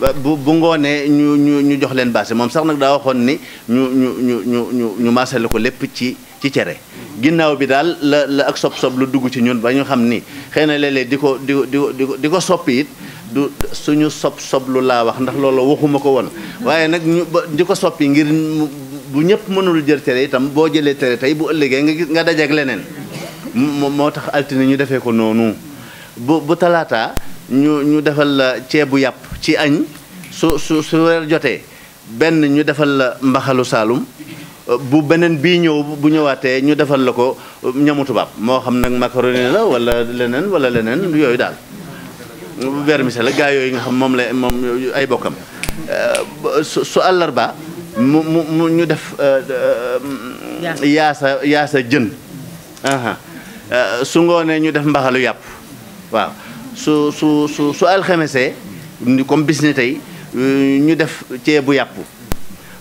bu bu ngoonee ñu ñu ñu jox leen baase moom sax nag daa waxoon ni ñu ñu ñu ñu ñu ñu maasale ko lépp ci ci cere. ginnaaw bi daal la ak sob-sob lu dugg ci ñun ba ñu xam ni xëy na léeg-léeg di ko di ko di ko di ko soppi it du suñu sob-sob lu laa wax ndax loolu waxuma ko woon. waaye nag ñu ba di ko soppi ngir bu ñëpp mënul jël cere itam boo jëlee cere tey bu ëllëgee nga gis nga dajeeg leneen. moo tax altine ñu defee ko noonu bu bu talaata. ñu ñu defal la ceebu yàpp ci añ su su su weer jotee benn ñu defal la mbaxalu saalum bu beneen bii ñëw bu ñëwaatee ñu defal la ko ñamu tubaab moo xam nag macaroni la wala leneen wala leneen yooyu daal vermicelle la gaa yooyu nga xam moom la moom ay bokkam eh, su su àllarba mu mu mu ñu def eh, eh, yaasa yaasa jën su ngoonee ñu def mbaxalu yàpp waaw su su su su alxemesee comme bis tey euh, ñu def ceebu yàpp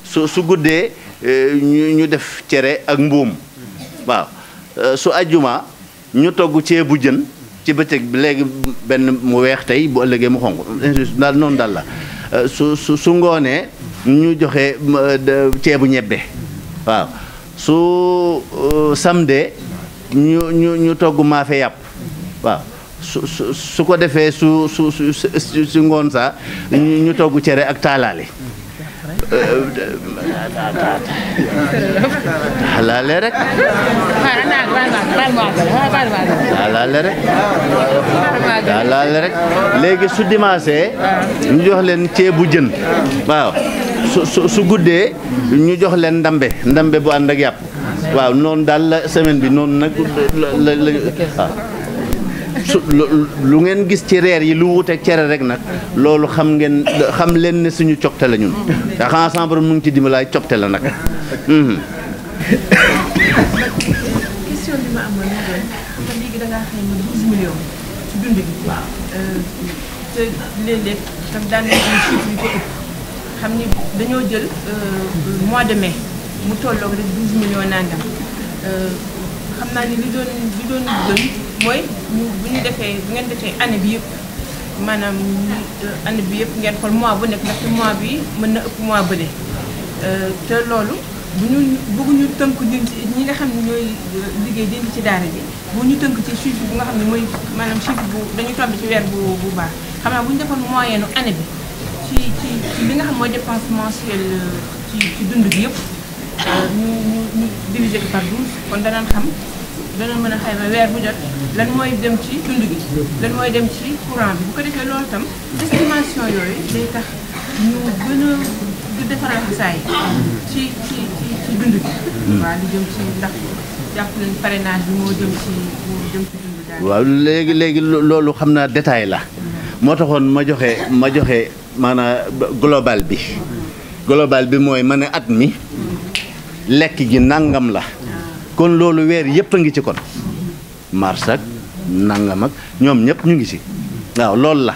su su guddee euh, ñu def cere ak mbuum waaw euh, su ajjuma ñu togg ceebu jën ci bëccëg léegi benn mu weex tey bu ëllëgee mu xonq daal noonu daal la su su su ngoonee ñu joxe ceebu ñebbe waaw su samdee ñu ñu ñu togg maafe yàpp waaw su su su ko defee su su si ngoon saa ñu togg cere ak taalaale taalaale rek taalaale rek léegi su dimanche ñu jox leen ceebu jën waaw su su su guddee ñu jox leen ndambe ndambe bu ànd ak yàpp waaw noonu daal la semaine bi noonu nag la la waaw su lu ngeen gis ci reer yi lu wuuteeg cere rek nag loolu xam ngeen xam leen ne suñu cogte la ñun mhm. euh, te xanaa sama nag. ma am chiffre yu ko ni dañoo euh, euh, ni doon li doon mooy. bu ñu defee bu ngeen defee année bi yëpp maanaam année bi yëpp ngeen xool mois bu nekk ndaxte mois bi mën na ëpp mois bële euh, te loolu bu ñu bëgguñu tënk ñun ñi nga xam ne ñooy liggéey dindi ci daara ji bu ñu tënk ci chiffre bu nga xam ne mooy maanaam chiffre bu dañu toll ci weer bu bu baax xam naa bu ñu defoon moyenne année bi ci ci ci li nga xam mooy dépense mensuelle euh, ci ci dund bi yëpp euh, ñu ñu ñu diviser ko par kon danaan xam dana mën a xayma weer bu jot lan mooy dem ci dund gi lan mooy dem ci courant bi bu ko defee loolu tam estimation yooyu day tax ñu gën a di defaraat ci ci ci dund waaw bi waaw léegi léegi loolu xam naa détail la moo taxoon ma joxe ma joxe maanaam global bi global bi mooy ma ne at mi lekk gi nangam la ah. kon loolu weer yëpp a ngi ci kon mars ak nangam ak ñoom ñëpp ñu ngi si waaw loolu la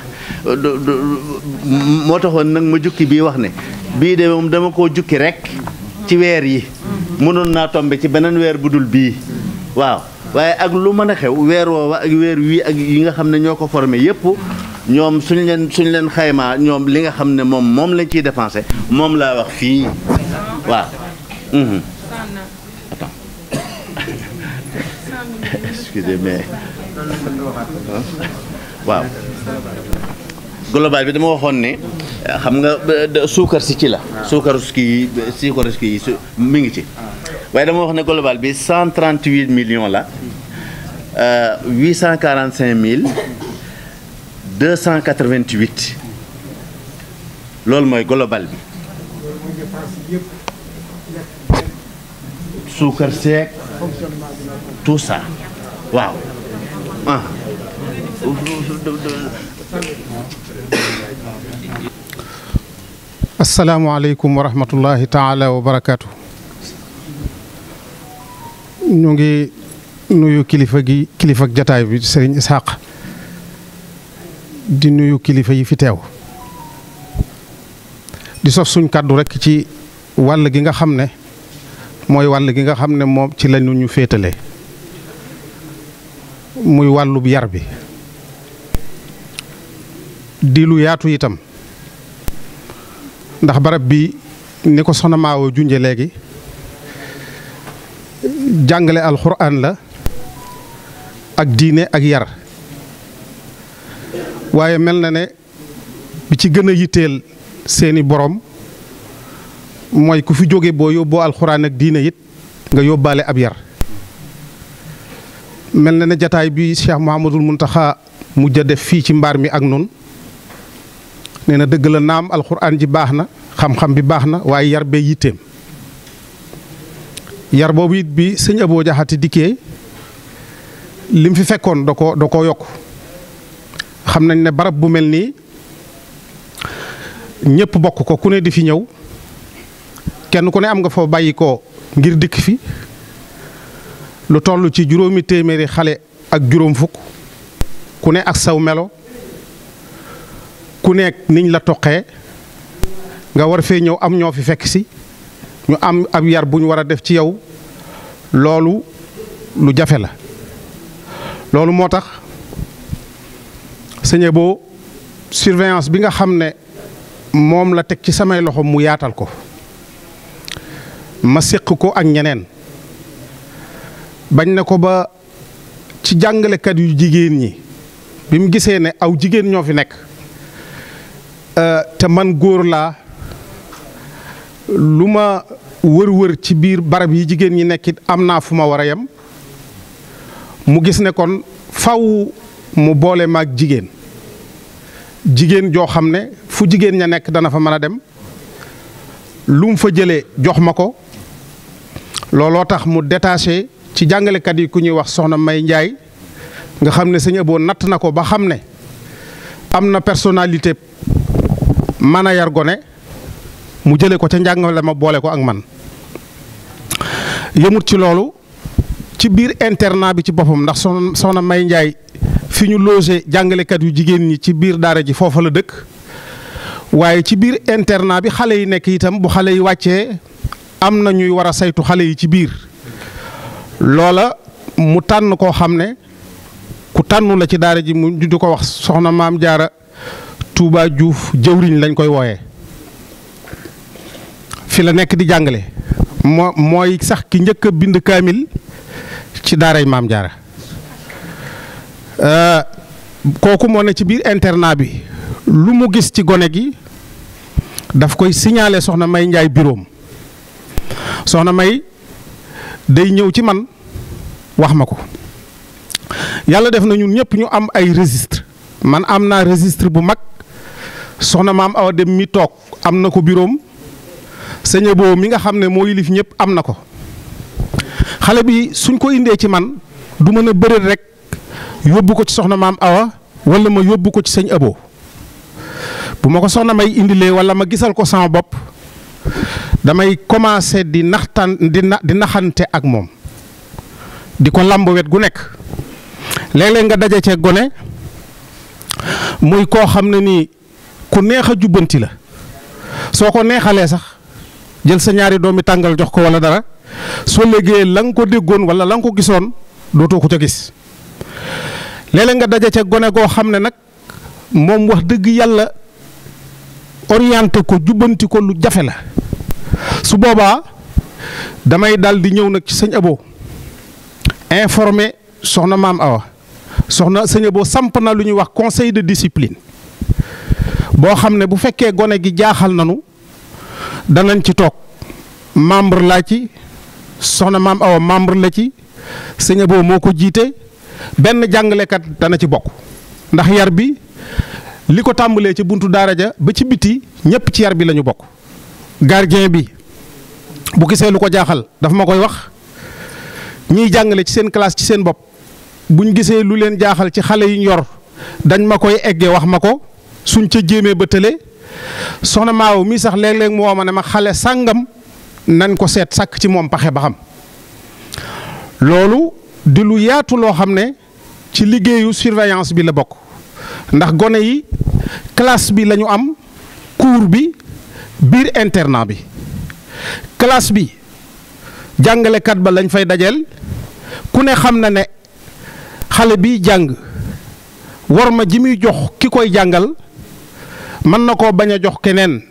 moo taxoon nag ma jukki bii wax ne bii de moom dama koo jukki rek ci weer yi mënoon naa tombe ci beneen weer bu dul bii waaw waaye ak lu mën a xew weer woowa ak weer wii ak yi nga xam ne ñoo ko formé yëpp ñoom suñ leen suñ leen xaymaa ñoom li nga xam ne moom moom lañ ciy dépensé moom laa wax fii waaw mhm. mais waaw global bi dama waxoon ne xam nga suukar si ci la suukar ski suukar ski yi mi ngi ci waaye dama wax ne global bi 138 millions la 845 euh, mille 288 loolu mooy global bi suukar seeg waaw ah asalaamualeykum wa rahmatullahi wa barakaatu. ñu ngi nuyu kilifa gi kilifa jataay bi sëriñ Isxaq di nuyu kilifa yi fi teew di sof suñ kàddu rekk ci wàll gi nga xam ne mooy wàll gi nga xam ne moom ci lañu ñu féetale muy wàllu yar bi di yaatu itam ndax barab bi ni ko soxna Maawo junje léegi jàngale alxuraan la ak diine ak yar waaye mel na ne bi ci gën a yitteel seeni boroom mooy ku fi jóge boo yóbboo alxuraan ak diine it nga yóbbaale ab yar mel na ne jataay bi Cheikh Mouhamadul taxa mujj a def fii ci mbaar mi ak nun nee na dëgg la naam alxuraan ji baax na xam-xam bi baax na waaye yar bee yitteem yar boobu it bi sëñ Aboo Jaxate dikkee lim fi fekkoon da ko da koo yokk xam nañ ne barab bu mel nii ñépp bokk ko ku ne di fi ñëw kenn ku ne am nga foo bàyyi ko ngir dikk fi lu toll ci juróomi téeméeri xale ak juróom fukk ku ne ak saw melo ku nekk niñ la toqee nga war fee ñëw am ñoo fi fekk si ñu am ab yar bu ñu war a def ci yow loolu lu jafe la loolu moo tax sëñe boo surveillance bi nga xam ne moom la teg ci samay loxo mu yaatal ko ma séq ko ak ñeneen bañ ne ko ba ci jàngalekat yu jigéen ñi bi mu gisee ne aw jigéen ñoo fi nekk euh, te man góor laa lu ma wër-wër ci biir barab yi jigéen ñi nekkit am naa fu ma war a yem mu gis ne kon faw mu boole maag jigéen jigéen joo xam ne fu jigéen ña nekk dana fa mën a dem lum fa jëlee jox ma ko looloo tax mu détaché ci jàngalekat yi ku ñuy wax soxna May Njaay nga xam ne sëñ Abo natt na ko ba xam ne am na personnalité manayar gone mu jële ko ca njàngale ma boole ko ak man yëmut ci loolu ci biir internat bi ci boppam ndax soxna May Njaay fi ñu logé jàngalekat yu jigéen ñi ci biir daare ji foofa la dëkk waaye ci biir internat bi xale yi nekk itam bu xale yi wàccee am na ñuy war a saytu xale yi ci biir loola mu tànn koo xam ne ku tànnu la ci daara ji mu di ko wax soxna maam jaara Touba Diouf jëwriñ lañ koy wooyee fi la nekk di jàngale moo mooy sax ki njëkk a bind kaamil ci daaray maam jaara euh, kooku moo ne ci biir internat bi lu mu gis ci gone gi daf koy siñaale soxna May Njaay buroom soxna May day ñëw ci man wax ma ko yàlla def na ñun ñëpp ñu am ay registre man am naa registre bu mag soxna maam Awa Dem mi toog am na ko buroom sëñ boobu mi nga xam ne moo yilif ñëpp am na ko xale bi suñ ko indee ci man du mën a bëreet rek yóbbu ko ci soxna maam Awa wala ma yóbbu ko ci sëñ Abo bu ma ko soxna may indilee wala ma gisal ko sama bopp damay commencé di naxtaan di di naxante ak moom di ko làmb wet gu nekk léeg nga daje cee gone muy koo xam ne nii ku neex a jubbanti la soo ko neexalee sax jël sa ñaari doomi tàngal jox ko walla dara soo léegee la nga ko déggoon walla la nga ko gisoon dootoo ko ca gis léeg nga daje ca gone goo xam ne nag moom wax dëgg yàlla orienté ko jubbanti ko lu jafe la su boobaa damay dal di ñëw nag ci sëñ informé soxna maam Awa soxna sëñ samp na lu ñuy wax conseil de discipline boo xam ne bu fekkee gone gi jaaxal nanu danañ ci toog membre laa ci soxna maam Awa membre la ci sëñ moo ko jiite benn jàngalekat dana ci bokk ndax yar bi li ko tàmbalee ci buntu daara ja ba ci biti ñëpp ci yar bi lañu bokk. gardien bi bu gisee lu ko jaaxal daf ma koy wax ñiy jàngale ci seen classe ci seen bopp buñ gisee lu leen jaaxal ci xale yi yor dañ ma koy egge wax ma ko suñ ca jéemee ba tële soxna Maaw mii sax léeg-léeg mu woo ne ma xale sàngam nañ ko seet sàkk ci moom paxe ba xam loolu di lu yaatu loo xam ne ci liggéeyu surveillance bi la bokk ndax gone yi classe bi lañu am cours bi. biir internat bi classe bi jàngalekat ba lañ fay dajeel ku ne xam na ne xale bi jàng war ma ji muy jox ki koy jàngal mën na koo bañ a jox keneen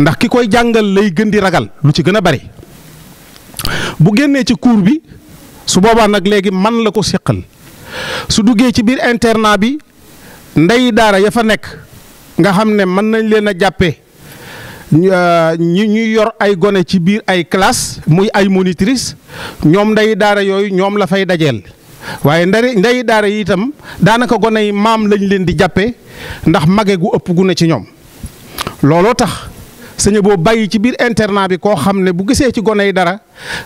ndax ki koy jàngal lay gën di ragal lu ci gën a bari bu génnee ci kuur bi su boobaa nag léegi mën la ko séqal su duggee ci biir internat bi ndey daara ya fa nekk nga xam ne mën nañ leen a jàppee ñi euh, ñuy yor ay gone ci biir ay classe muy ay monitrice ñoom nday daara yooyu ñoom la fay dajeel waaye ndari nday daara yi daanaka gone yi maam lañ leen di jàppe ndax mage gu ëpp gu ci ñoom looloo tax sëñ boo bàyyi ci biir internat bi koo xam ne bu gisee ci gone yi dara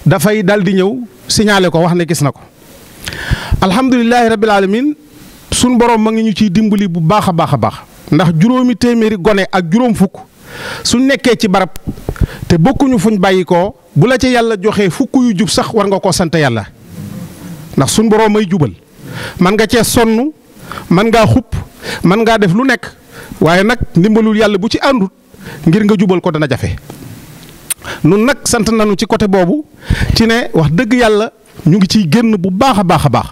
dafay dal di ñëw signaler ko wax ne gis na ko alhamdulilahi rabbil alamin suñ borom ma ngi ñu ciy dimbali bu baax a baax a baax ndax juróomi téeméeri gone ak juróom fukk suñ nekkee ci barab te bokkuñu fuñ bàyyikoo bu la ca yàlla joxe fukk yu jub sax war nga koo sant yàlla ndax suñ borom may jubal man nga cee sonn man ngaa xupp man ngaa def lu nekk waaye nag ndimbalul yàlla bu ci àndut ngir nga jubal ko dana jafe nun nag sant nanu ci côté boobu ci ne wax dëgg yàlla ñu ngi ciy génn bu baax a baax a baax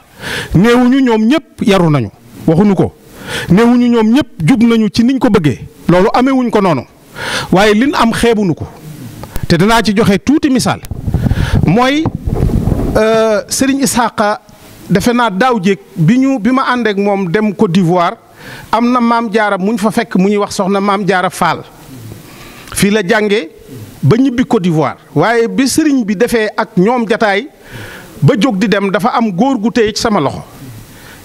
néewuñu ñoom ñëpp yaru nañu waxuñu ko néewuñu ñoom ñëpp jub nañu ci niñ ko bëggee loolu amewuñ ko noonu waaye lin am xeebunu ko te danaa ci joxe tuuti misaal mooy euh, sëriñ Isaaqa defe naa daaw jéeg bi ñu bi ma àndeek moom dem Côte am na maam jaara mu ñu fa fekk mu ñuy wax soxna maam jaara Faal fii la jànge ba ñibbi Côte waaye bi sëriñ bi defee ak ñoom jataay ba jóg di dem dafa am góor gu téye ci sama loxo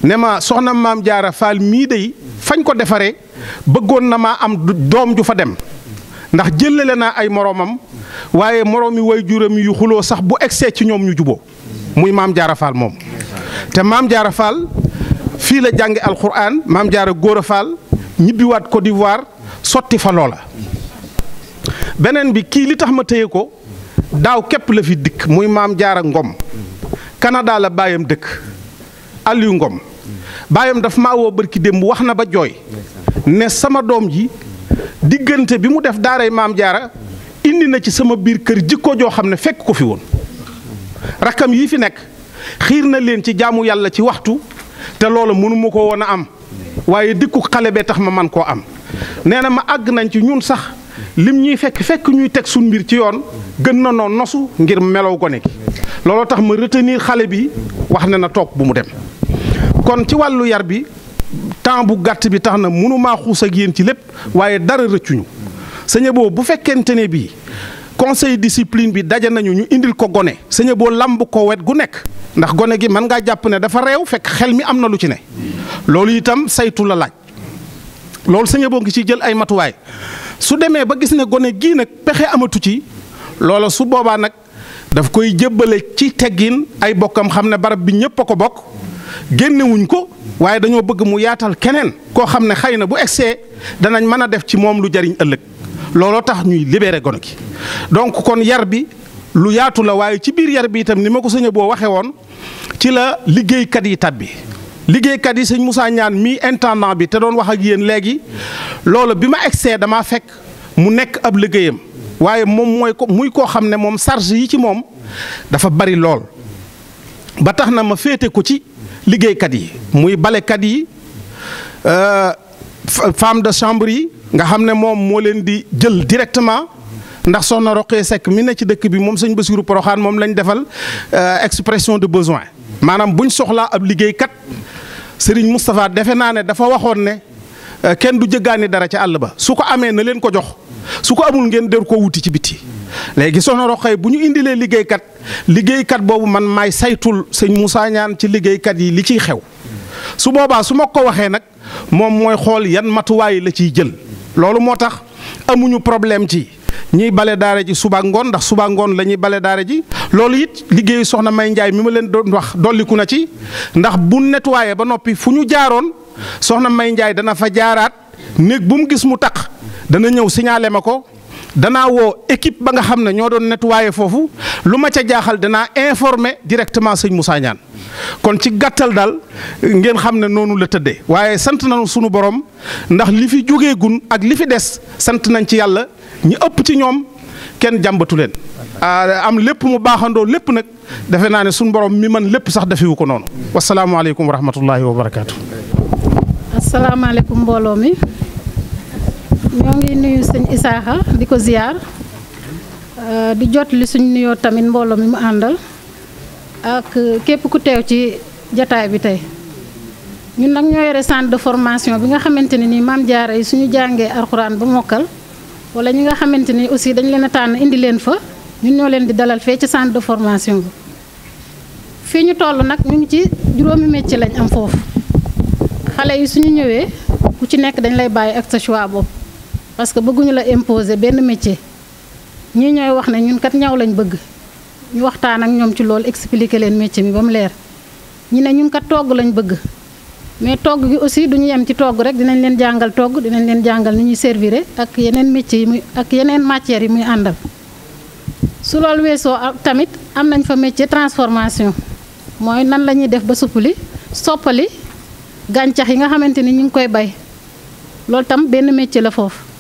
ne ma soxna maam jaara Faal mii dey fañ ko defaree bëggoon na maa am doom ju fa dem ndax jëllale naa ay moroomam waaye moroomi way juram yu xuloo sax bu egsee ci ñoom ñu juboo muy maam jaara faal moom te maam jaara faal fii la jànge alxuraan maam jaara góor a faal ñibbiwaat Côte d'Ivoire sotti fa loola beneen bi kii li tax ma téye ko daaw képp la fi dikk muy maam jaara ngom Canada la baayam dëkk yu Ngom baayam dafa ma woo barki démb wax na ba jooy ne sama doom ji diggante bi mu def daaray maam jaara indi na ci sama biir kër jikko joo xam ne fekk ko fi woon rakkam yi fi nekk xiir na leen ci jaamu yàlla ci waxtu te loolu mënuma ko woon a am waaye dikku xale bee tax ma man koo am nee na ma àgg nañ ci ñun sax lim ñuy fekk fekk ñuy teg suñ mbir ci yoon gën na noo nosu ngir melow gone gi looloo tax ma retenir xale bi wax ne na toog bu mu dem kon ci wàllu yar bi temps bu gàtt bi tax na mënumaa xuus ak yéen ci lépp waaye dara rëccuñu sëñ boo bu fekkente ne bii conseil discipline bi daje nañu ñu indil ko gone sëñ boo lamb ko wet gu nekk ndax gone gi mën ngaa jàpp ne dafa réew fekk xel mi am na lu ci ne loolu itam saytu la laaj loolu sëñ boo ngi ci jël ay matuwaay su demee ba gis ne gone gii nag pexe amatu ci loola su boobaa nag daf koy jébbale ci teggin ay bokkam xam ne barab bi ñëpp a ko bokk génnewuñ ko waaye dañoo bëgg mu yaatal keneen koo xam ne xëy na bu egsee danañ mën a def ci moom lu jariñ ëllëg looloo tax ñuy libéré gone gi donc kon yar bi lu yaatu la waaye ci biir yar bi itam ni ma ko sëñ boo waxee woon ci la liggéeykat yi tat bi liggéeykat yi sëñ Moussa Ñaan mii intendant bi te doon wax ak yéen léegi loolu bi ma egsee damaa fekk mu nekk ab liggéeyam waaye moom mooy ko muy koo xam ne moom charge yi ci moom dafa bari lool ba tax na ma féete ko ci liggéeykat yi muy balekat yi euh, femme de chambre yi nga xam ne moom moo leen di jël directement ndax soxna Roqee sekk mi ne ci dëkk bi moom sëñ Bassirou Poroxaan moom lañ defal euh, expression de besoin maanaam buñ soxlaa ab liggéeykat Serigne Moustapha defe naa ne dafa waxoon ne euh, kenn du jëggaani dara ci àll ba su ko amee na leen ko jox su ko amul ngeen der ko wuti ci biti léegi soxna Roqay bu ñu indilee liggéeykat liggéeykat boobu man maay saytul sëñ Moussa ñaan ci liggéeykat yi li ciy xew su boobaa su ma ko waxee nag moom mooy xool yan matuwaay la ciy jël loolu moo tax amuñu problème ci ñiy bale daara ji subaa ngoon ndax suba ngoon la ñuy bale daara ji loolu it liggéeyu soxna May Njaay mi ma leen doon wax dolliku na ci ndax bu nettoyé ba noppi fu ñu jaaroon soxna May Njaay dana fa jaaraat néeg bu mu gis mu taq dana ñëw signalé ma ko danaa woo équipe ba nga xam ne ñoo doon nettoyé foofu lu ma ca jaaxal danaa informer directement sëñ Moussa Niane kon ci gàttal daal ngeen xam ne noonu la tëddee waaye sant nañu sunu borom ndax li fi jógee gun ak li fi des sant nañ ci yàlla ñi ëpp ci ñoom kenn jàmbatu leen. Ah, am lépp mu baaxandoo lépp nag defe naa ne sunu borom mi man lépp sax defewu ko noonu. wasalaamualeykum wa rahmatullahi wa barakaatu. asalaamaaleykum mbooloo mi. ñoo ngi nuyu sëñ Isaaxa di ko ziyaar euh, di jot li suñ nuyoo tamit mbooloo mi mu àndal ak képp ku teew ci jataay bi tey ñun nag ñoo yore centre de formation bi nga xamante ne nii maam jaara yi suñu jàngee alxuraan ba mokkal wala ñi nga xamante ni aussi dañ leen a tànn indi leen fa ñun ñoo leen di dalal fee ci centre de formation bi fii ñu toll nag ñu ngi ci juróomi métier lañ am foofu xale yi suñu ñëwee ku ci nekk dañ lay bàyyi ak sa choix bopp parce que bëgguñu la imposer benn métier ñii ñooy wax ne ñun kat ñaw lañ bëgg ñu waxtaan ak ñoom ci loolu expliquer leen métier mi ba mu leer ñi ne ñun kat togg lañ bëgg mais togg gi aussi duñu yem ci togg rek dinañ leen jàngal togg dinañ leen jàngal ni ñuy servir ak yeneen métier yi muy ak yeneen matières yi muy àndal su loolu weesoo tamit am nañ fa métier transformation mooy nan la ñuy def ba supp suppali soppali gàncax yi nga xamante ni ñu ngi koy bay loolu tam benn métier la foofu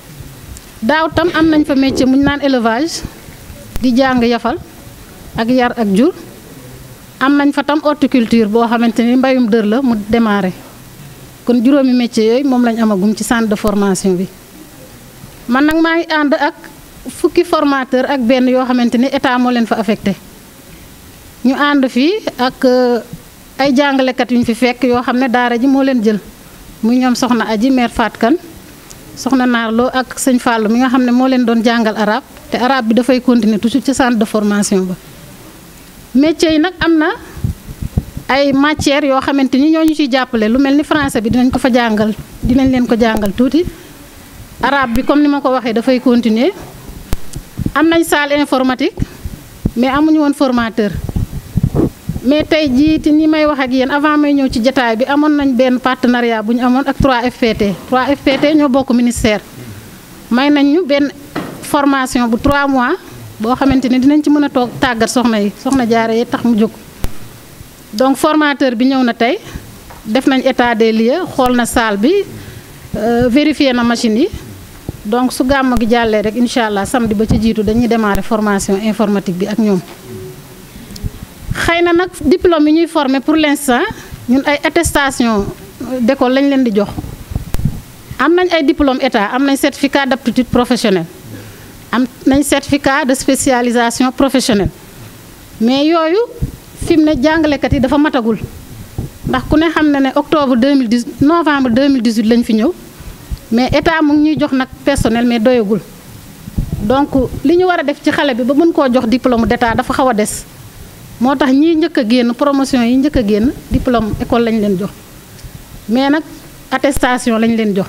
daaw tam am nañ fa métier mu naan élevage di jàng yafal ak yar ak jur am nañ fa tam horticulture boo xamante ni mbayum dër la mu démarré kon juróomi métier yooyu moom lañ amagum ci centre de formation bi man nag maa ngi ànd ak fukki formateur ak benn yoo xamante ni état moo leen fa affecté ñu ànd fii ak euh, ay jàngalekat yu ñu fi fekk yoo xam ne daara ji moo leen jël muy ñoom soxna aji maire Faat Kan soxna naarloo ak sëñ Fallou mi nga xam ne moo leen doon jàngal arab te arab bi dafay continuer toujours ci centre de formation ba métier yi nag am na ay matières yoo xamante ni ñoo ñu ciy jàppale lu mel ni français bi dinañ ko fa jàngal dinañ leen ko jàngal tuuti arabe bi comme ni ma ko waxee dafay continuer am nañ salle informatique mais amuñu woon formateur mais tey jii ti ni may wax ak yéen avant may ñëw ci jataay bi amoon nañ benn partenariat bu amoon ak 3FPT 3FPT ñoo bokk ministère may nañ ñu benn formation bu trois mois boo xamante ni dinañ ci mën a toog tàggat soxna yi soxna jaare yi tax mu jóg donc formateur bi ñëw na tey def nañ état des lieux xool na salle bi euh, vérifier na machine yi donc su gàmm gi jàllee rek incha allah samedi ba ci jiitu dañuy démarrer formation informatique bi ak ñoom xëy na nag diplôme yi ñuy former pour l'instant ñun ay attestation d'école lañ leen di jox am nañ ay diplôme état am nañ certificat d'aptitude professionnelle am nañ certificat de spécialisation professionnelle mais yooyu fi mu ne jàngalekat yi dafa matagul ndax ku ne xam na ne octobre 2010 novembre 2018 lañ fi ñëw mais état mu ngi ñuy jox nag personnel mais doyagul donc li ñu war a def ci xale bi ba mën koo jox diplôme d'état dafa xaw a des moo tax ñi njëkk génn promotion yi njëkk a génn diplôme école lañ leen jox mais nag attestation lañ leen jox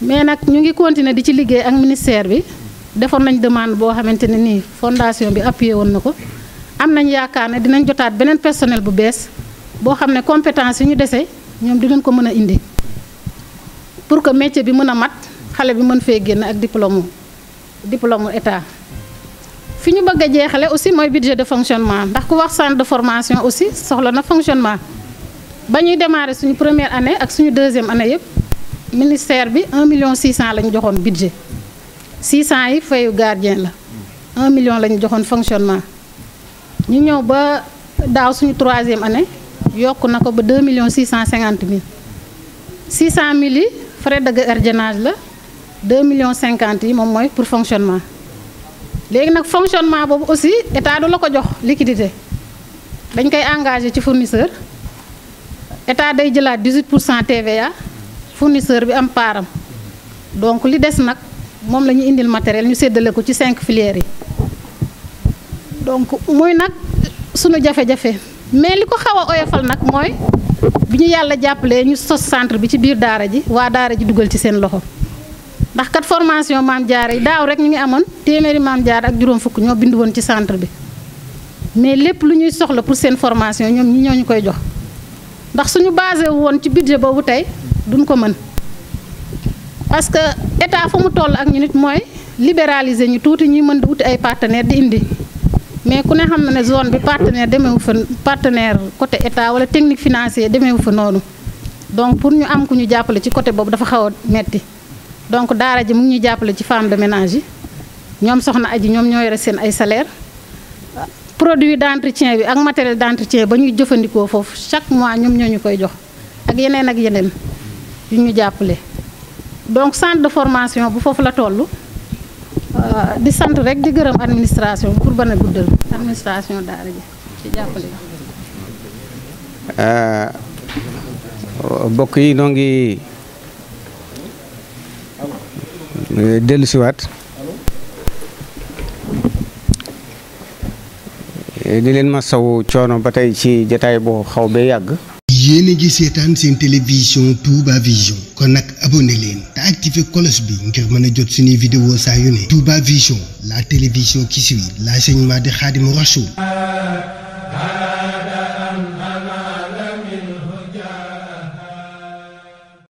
mais nag ñu ngi continuer di ci liggéey ak ministère bi defoon nañ demande boo xamante ne nii fondation bi appuyé woon na ko am nañ yaakaar ne dinañ jotaat beneen personnel bu bees boo xam ne compétence yi ñu dese ñoom dinañ ko mën a indi pour que métier bi mën a mat xale bi mën fee génn ak diplôme diplôme état. fi ñu bëgg a jeexale aussi mooy budget de fonctionnement ndax ku wax centre de formation aussi soxla na fonctionnement ba ñuy démarrer suñu première année ak suñu deuxième année yëpp ministère bi 1 million 600 la ñu joxoon budget 600 yi fayu gardien la 1 million la ñu joxoon fonctionnement ñu ñëw ba daaw suñu troisième année yokk na ko ba million 2 millions 650 mille 600 mille yi frais de gardiennage la 2 millions 50 yi moom mooy pour fonctionnement léegi nag fonctionnement boobu aussi état du la ko jox liquidité dañ koy engagé ci fournisseur état day jëlaat 18 pour cent TVA fournisseur bi am paaram donc li des nag moom la ñu indil matériel ñu séddale ko ci cinq filières yi donc muy nag sunu jafe-jafe mais li ko xaw a oyofal nag mooy bi ñu yàlla jàppalee ñu sos centre bi ci biir daara ji waa daara ji dugal ci seen loxo. ndax kat formation maam jaara yi daaw rek ñu ngi amoon téeméeri maam jaar ak juróom fukk ñoo bindu woon ci centre bi mais lépp lu ñuy soxla pour seen formation ñoom ñi ñoo ñu koy jox ndax suñu basé woon ci budget boobu tey duñ ko mën parce que état fa mu toll ak ñu nit mooy libéraliser ñu tuuti ñu mën di wuti ay partenaire di indi mais ku ne xam na ne zone bi partenaire demeewu fa partenaire côté état wala technique financier demeewu fa noonu donc pour ñu am ku ñu jàppale ci côté boobu dafa xaw a metti donc daara ji mu ngi ñuy jàppale ci femme de ménage ñoom soxna aji ñoom ñoo yore seen ay salaire produit d'entretien bi ak matériel d'entretien ba ñuy jëfandikoo foofu chaque mois ñoom ñoo ñu koy jox ak yeneen ak yeneen yu ñu jàppale donc centre de formation bu foofu la toll euh, di sant rek di gërëm administration pour ban a guddal administration daara ji ci jàppale euh, mbokk yi noo ngi Euh, dellu siwaat di euh, leen ma saw coono ba tey ci jataay boo xaw bee yàgg yéen a ngi seetaan seen télévision Touba Vision kon nag abonné leen te activé cloche bi ngir mën a jot suñuy vidéo saa yu ne Touba Vision la télévision qui suit l'enseignement de Khadimou Rassoul